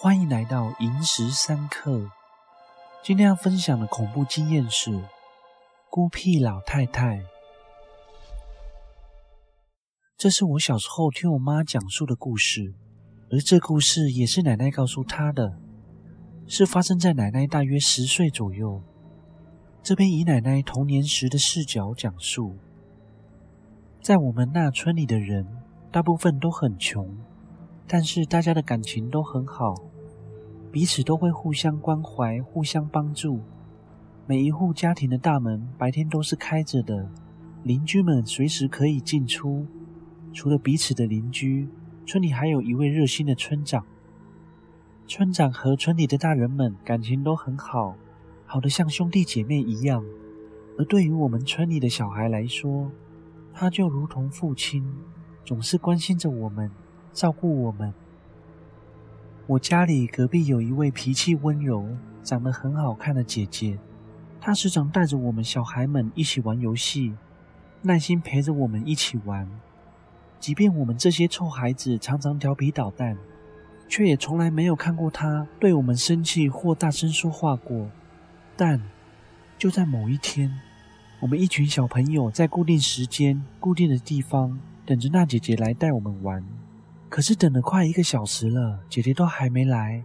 歡迎來到寅時三刻。今天要分享的恐怖經驗是孤僻老太太。這是我小時候聽我媽講述的故事，而這故事也是奶奶告訴她的，是發生在奶奶大約十歲左右。這邊以奶奶童年時的視角講述，在我們那村裡的人大部分都很窮，但是大家的感情都很好。彼此都會互相關懷，互相幫助。每一戶家庭的大門白天都是開着的，鄰居們隨時可以進出。除了彼此的鄰居，村裡還有一位熱心的村長。村長和村裡的大人們感情都很好，好得像兄弟姐妹一樣。而對於我們村裡的小孩來說，他就如同父親，總是關心着我們，照顧我們。我家裡隔壁有一位脾氣溫柔、長得很好看的姐姐，她時常帶着我們小孩們一起玩遊戲，耐心陪着我們一起玩。即便我們這些臭孩子常常調皮搗蛋，却也從來沒有看過她對我們生氣或大聲說話過。但就在某一天，我們一群小朋友在固定時間、固定的地方等着那姐姐來帶我們玩。可是等了快一個小時了，姐姐都還沒來。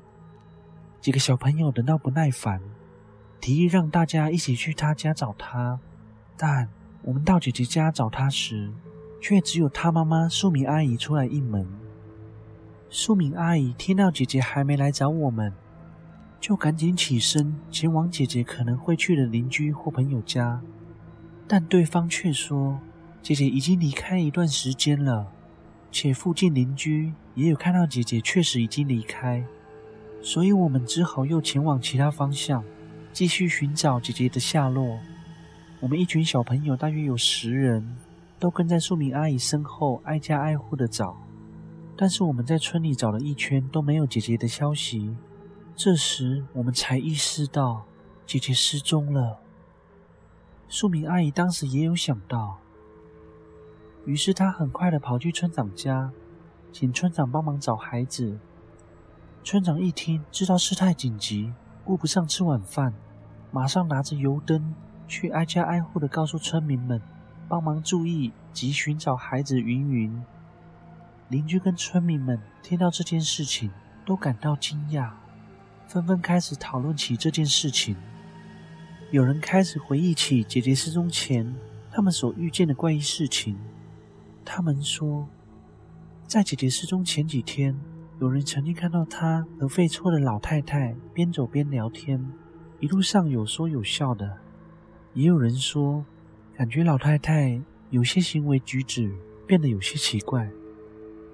幾個小朋友等到不耐煩，提議讓大家一起去她家找她。但我們到姐姐家找她時，卻只有她媽媽淑敏阿姨出來應門。淑敏阿姨聽到姐姐還沒來找我們，就趕緊起身前往姐姐可能會去的鄰居或朋友家，但對方卻說姐姐已經離開一段時間了。而且附近鄰居也有看到姐姐確實已經離開，所以我們只好又前往其他方向，繼續尋找姐姐的下落。我們一群小朋友大約有十人，都跟在素敏阿姨身後挨家挨戶的找。但是我們在村裡找了一圈都沒有姐姐的消息，這時我們才意識到姐姐失蹤了。素敏阿姨當時也有想到。於是他很快的跑去村長家，請村長幫忙找孩子。村長一聽，知道事態緊急，顧不上吃晚飯，馬上拿着油燈去挨家挨戶的告訴村民們，幫忙注意及尋找孩子云云。鄰居跟村民們聽到這件事情，都感到驚訝，紛紛開始討論起這件事情。有人開始回憶起姐姐失蹤前，他們所遇見的怪異事情。他們說，在姐姐失蹤前幾天，有人曾經看到她和廢厝的老太太邊走邊聊天，一路上有說有笑的。也有人說，感覺老太太有些行為舉止變得有些奇怪，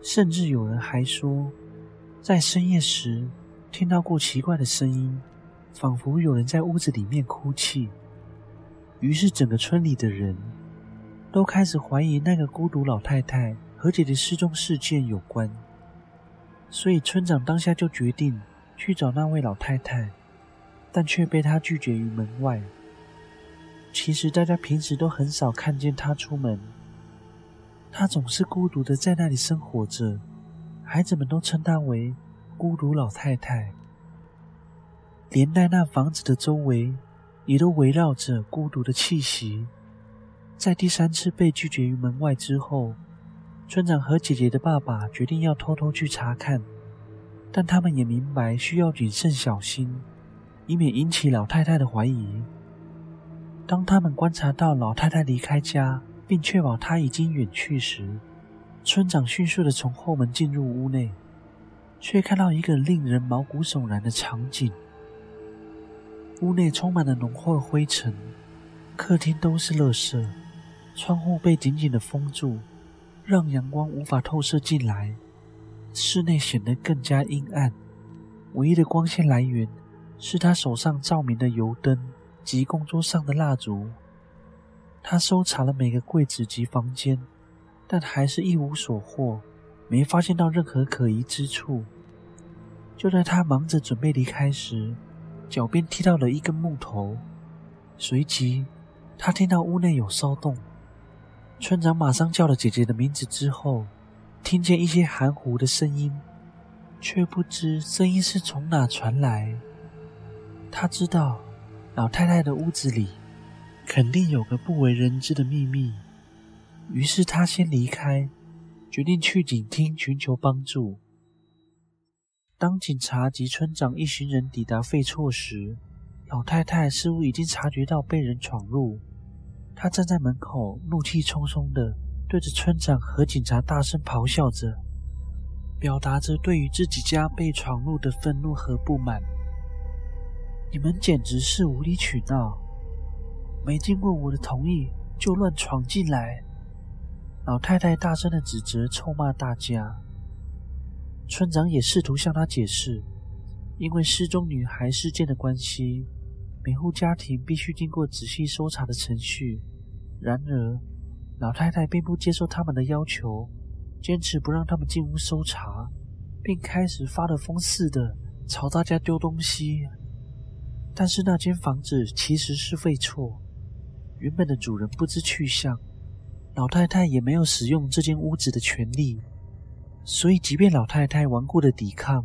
甚至有人還說，在深夜時聽到過奇怪的聲音，仿佛有人在屋子裡面哭泣。於是，整個村裡的人，都開始懷疑那個孤獨老太太，和姐姐失蹤事件有關，所以村長當下就決定去找那位老太太，但卻被她拒絕於門外。其實大家平時都很少看見她出門，她總是孤獨地在那裡生活着。孩子們都稱她為“孤獨老太太”，連帶那房子的周圍也都圍繞着孤獨的氣息。在第三次被拒絕於門外之後，村長和姐姐的爸爸決定要偷偷去查看，但他們也明白需要謹慎小心，以免引起老太太的懷疑。當他們觀察到老太太離開家，並確保她已經遠去時，村長迅速地從後門進入屋內，卻看到一個令人毛骨悚然的場景：屋內充滿了濃厚灰塵，客廳都是垃圾。窗戶被緊緊的封住，讓陽光無法透射進來，室內顯得更加陰暗。唯一的光線來源是他手上照明的油燈及供桌上的蠟燭。他搜查了每個櫃子及房間，但還是一無所獲，沒發現到任何可疑之處。就在他忙着準備離開時，腳邊踢到了一根木頭，隨即他聽到屋內有騷動。村長馬上叫了姐姐的名字之後，聽見一些含糊的聲音，卻不知聲音是從哪傳來。他知道，老太太的屋子裡肯定有個不為人知的秘密，於是他先離開，決定去警廳尋求幫助。當警察及村長一行人抵達廢厝時，老太太似乎已經察覺到被人闖入。他站在門口，怒氣沖沖地對着村長和警察大聲咆哮着，表達着對於自己家被闖入的憤怒和不滿。你們簡直是無理取鬧，沒經過我的同意就亂闖進來！老太太大聲的指責、臭罵大家。村長也試圖向他解釋，因為失蹤女孩事件的關係。每戶家庭必須經過仔細搜查的程序，然而老太太並不接受他們的要求，堅持不讓他們進屋搜查，並開始發了瘋似的朝大家丟東西。但是那間房子其實是廢厝，原本的主人不知去向，老太太也沒有使用這間屋子的權利，所以即便老太太頑固的抵抗，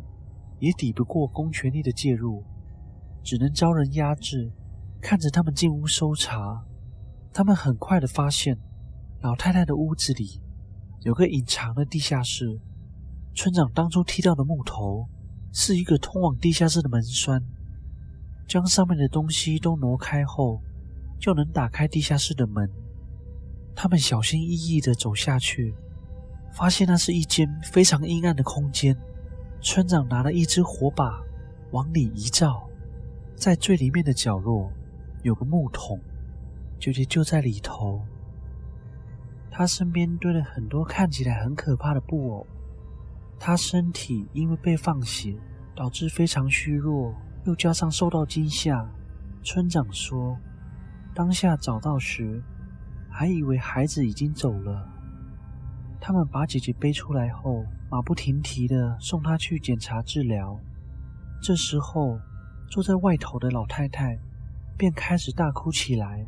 也抵不過公權力的介入。只能遭人壓制。看着他們進屋搜查，他們很快地發現，老太太的屋子裡有個隱藏的地下室。村長當初踢到的木頭是一個通往地下室的門栓。將上面的東西都挪開後，就能打開地下室的門。他們小心翼翼地走下去，發現那是一間非常陰暗的空間。村長拿了一支火把往裡一照。在最裡面的角落有個木桶，姐姐就在裡頭。她身邊堆了很多看起來很可怕的布偶。她身體因為被放血，導致非常虛弱，又加上受到驚嚇。村長說，當下找到時，還以為孩子已經走了。他們把姐姐背出來後，馬不停蹄地送她去檢查治療。這時候。坐在外頭的老太太便開始大哭起來，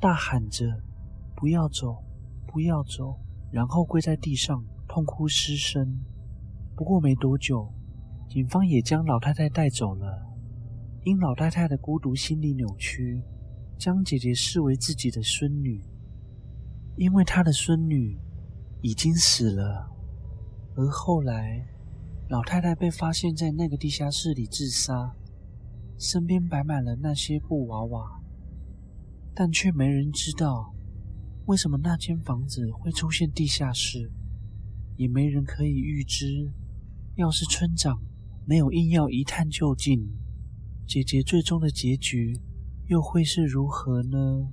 大喊着“不要走，不要走”，然後跪在地上痛哭失聲。不過沒多久，警方也將老太太帶走了。因老太太的孤獨心理扭曲，將姐姐視為自己的孫女，因為她的孫女已經死了。而後來，老太太被發現在那個地下室裡自殺。身邊擺滿了那些布娃娃，但卻沒人知道為什麼那間房子會出現地下室，也沒人可以預知。要是村長沒有硬要一探究竟，姐姐最終的結局又會是如何呢？